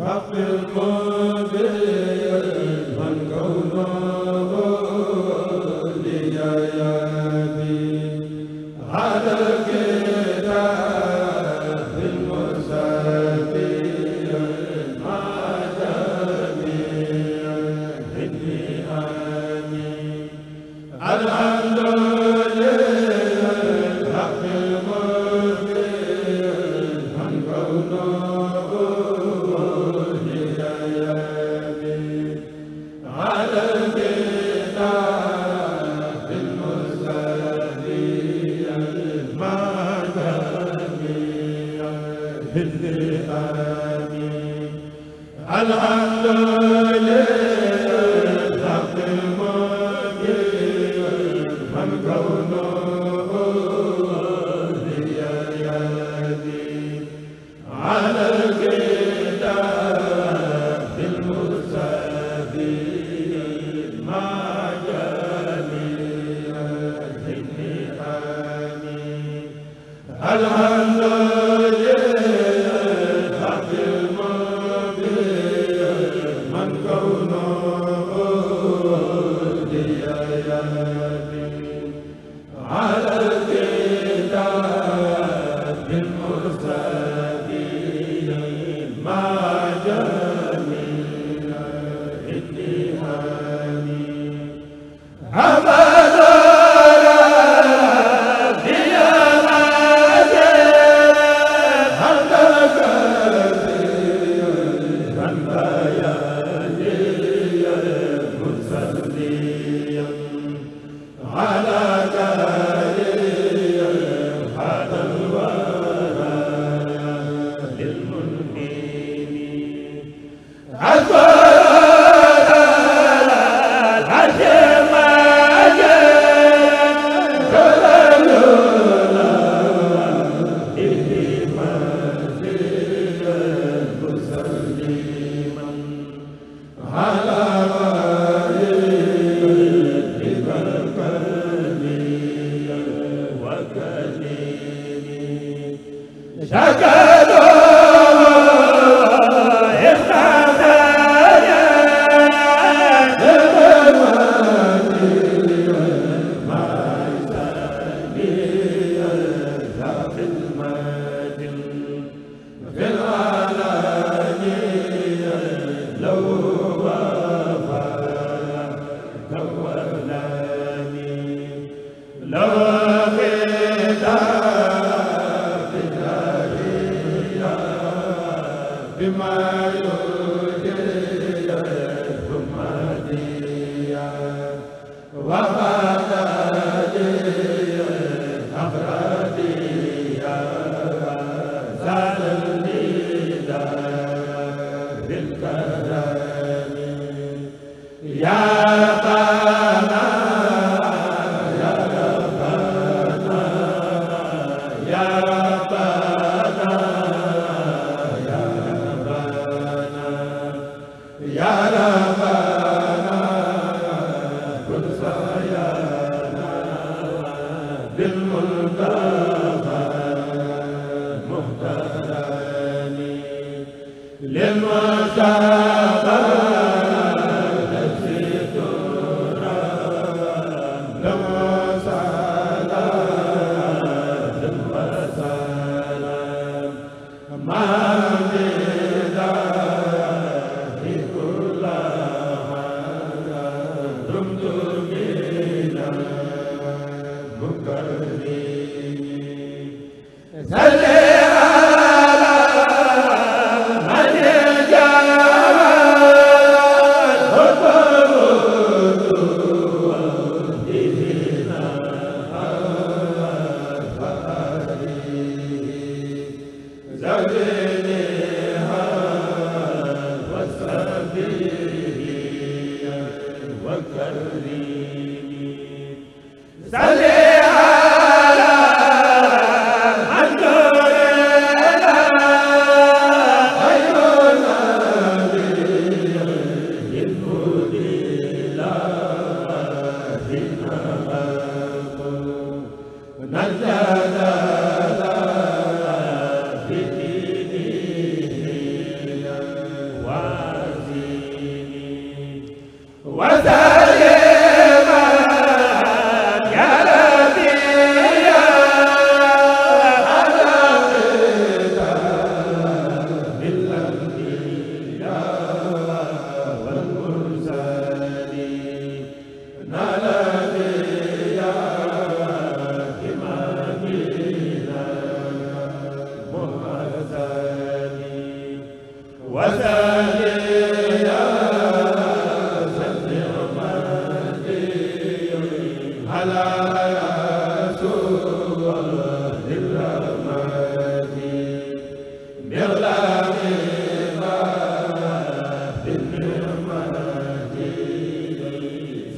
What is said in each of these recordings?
حق الملك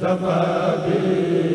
bi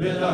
bila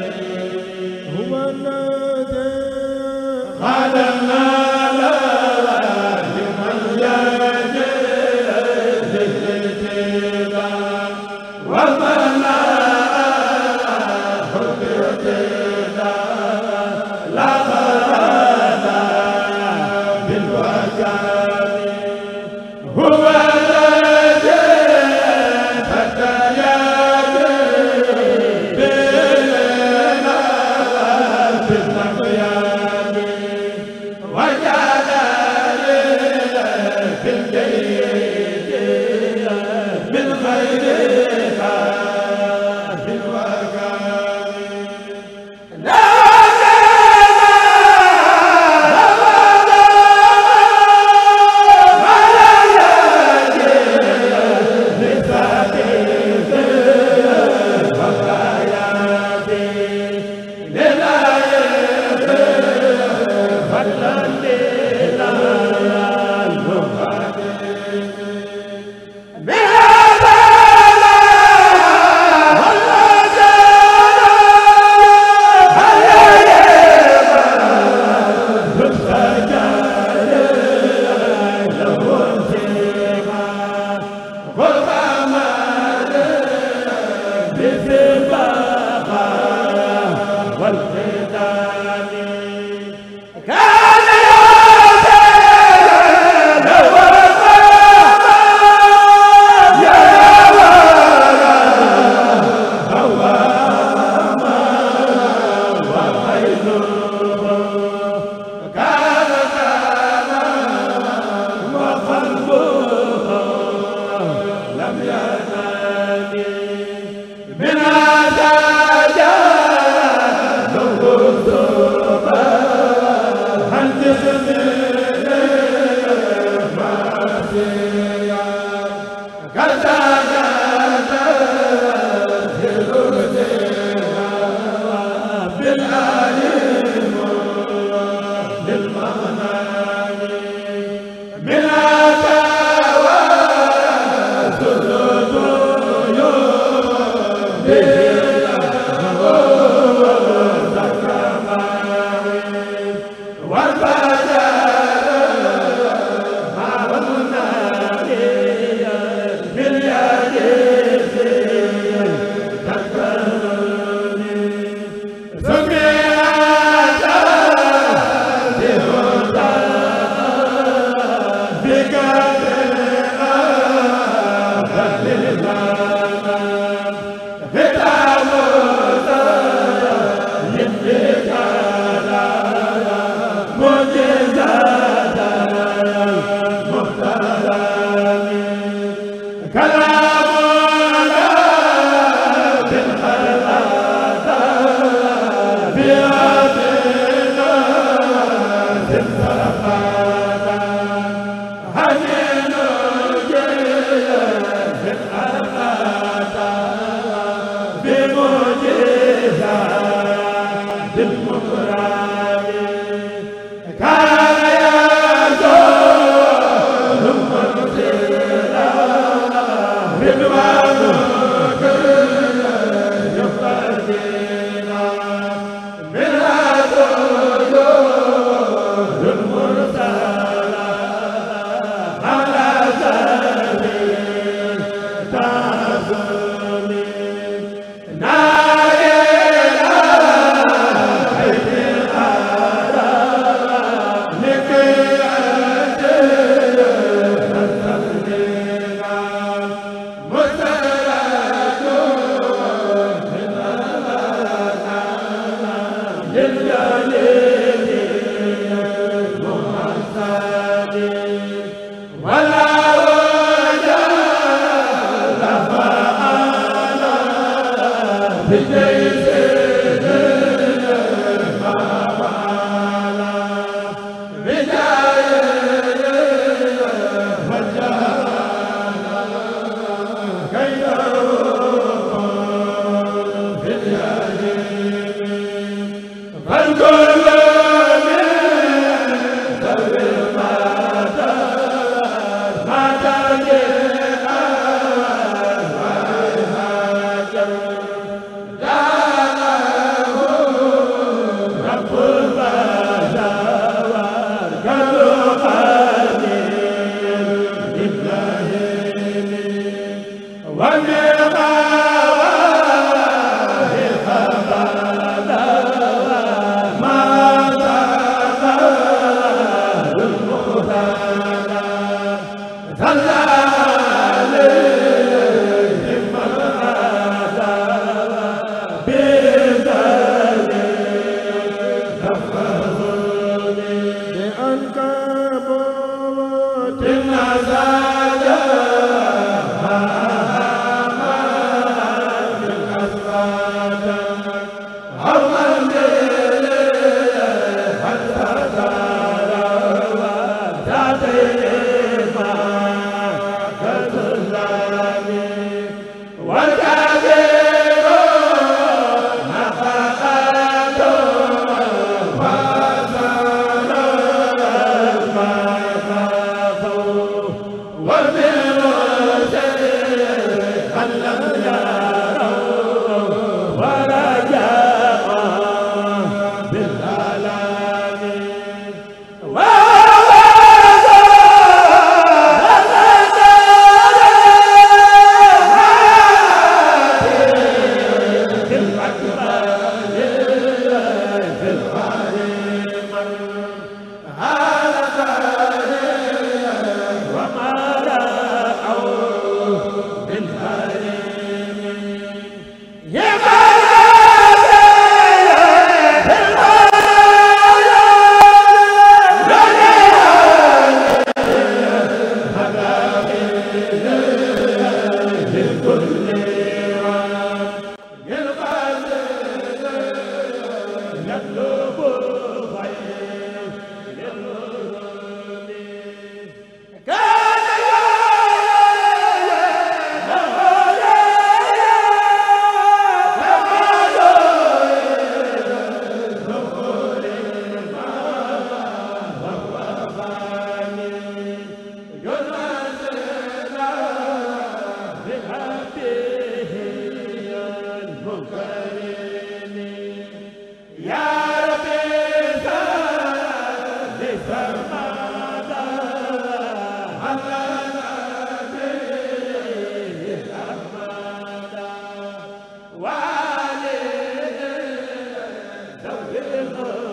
Amen. la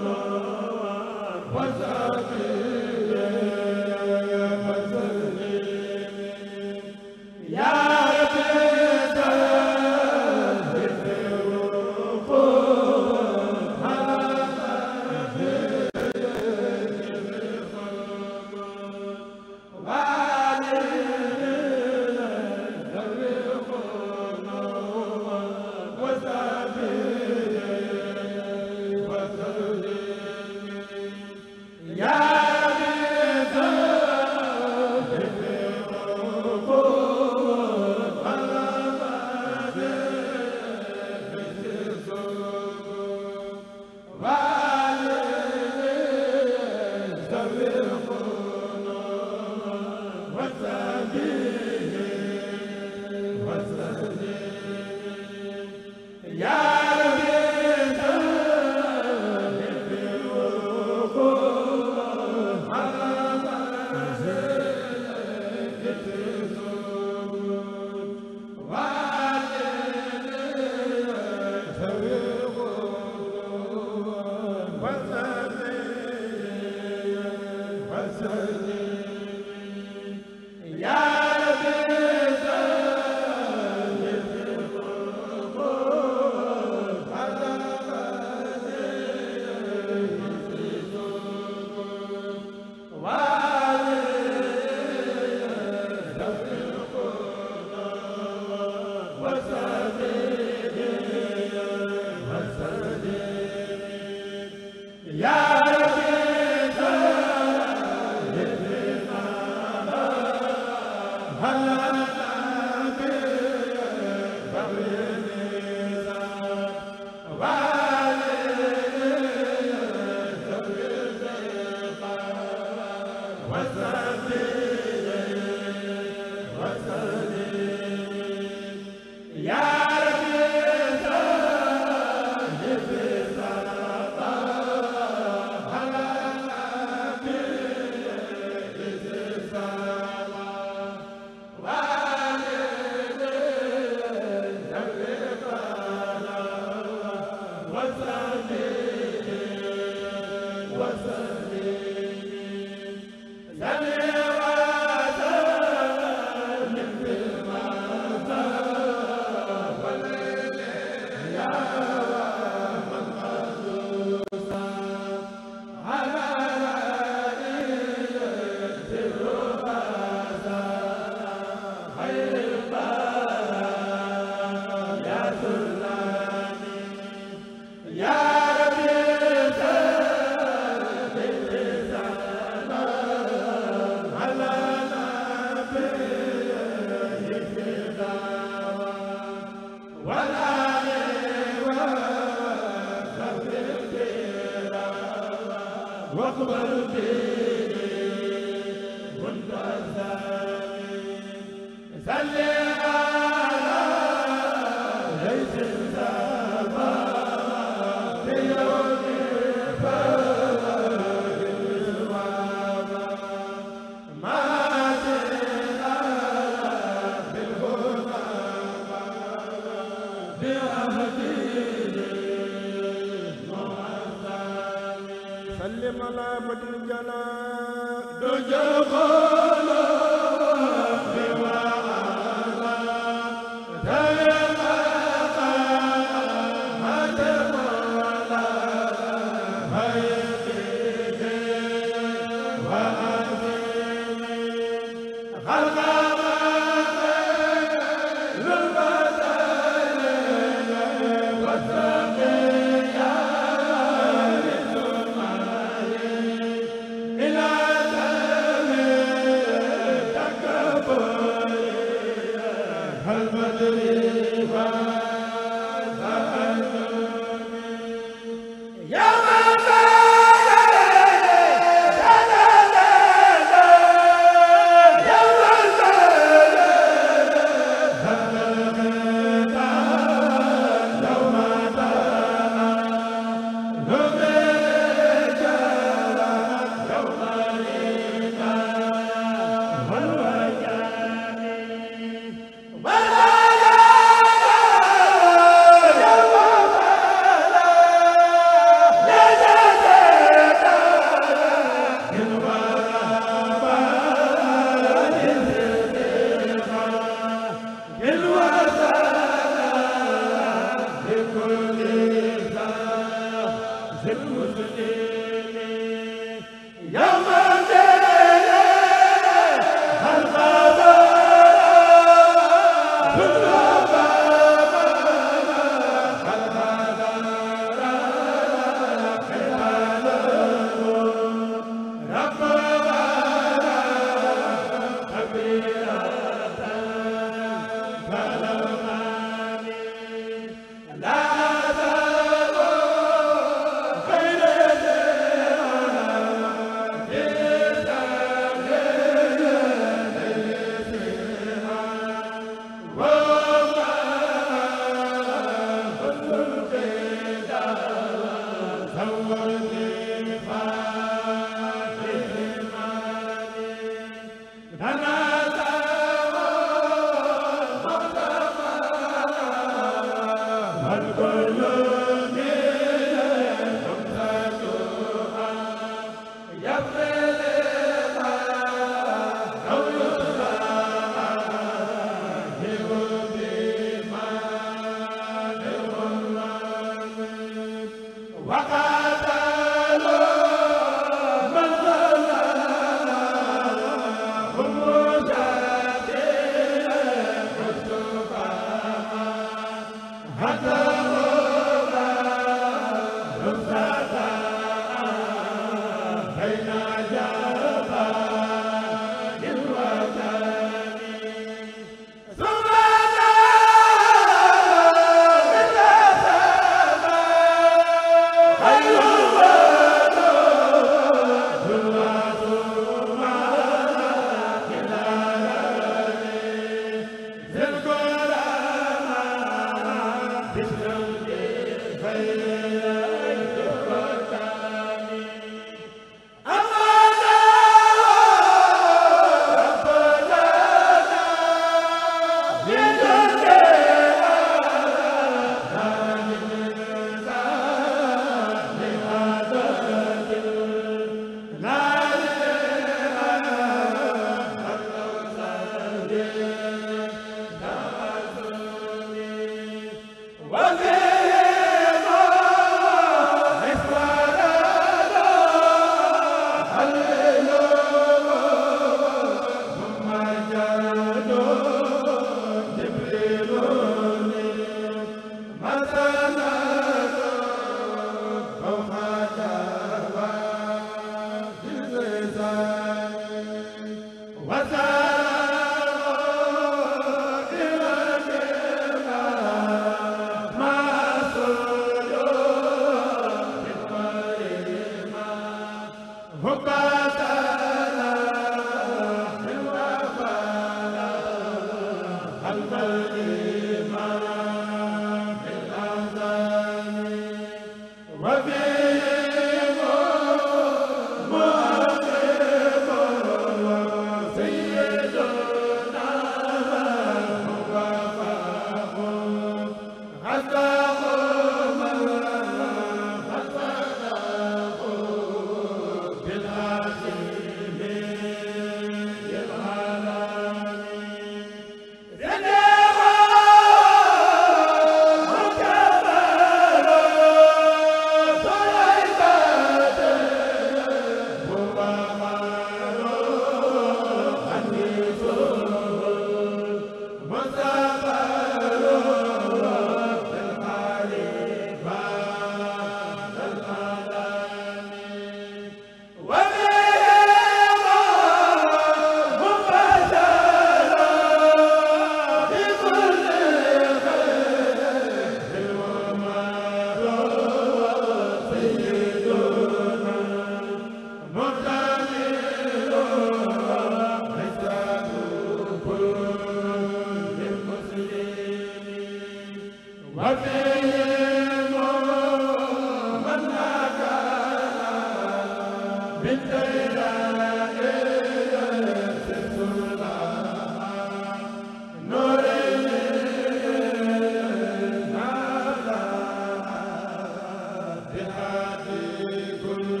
bi hadi kullu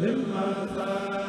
liman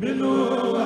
minu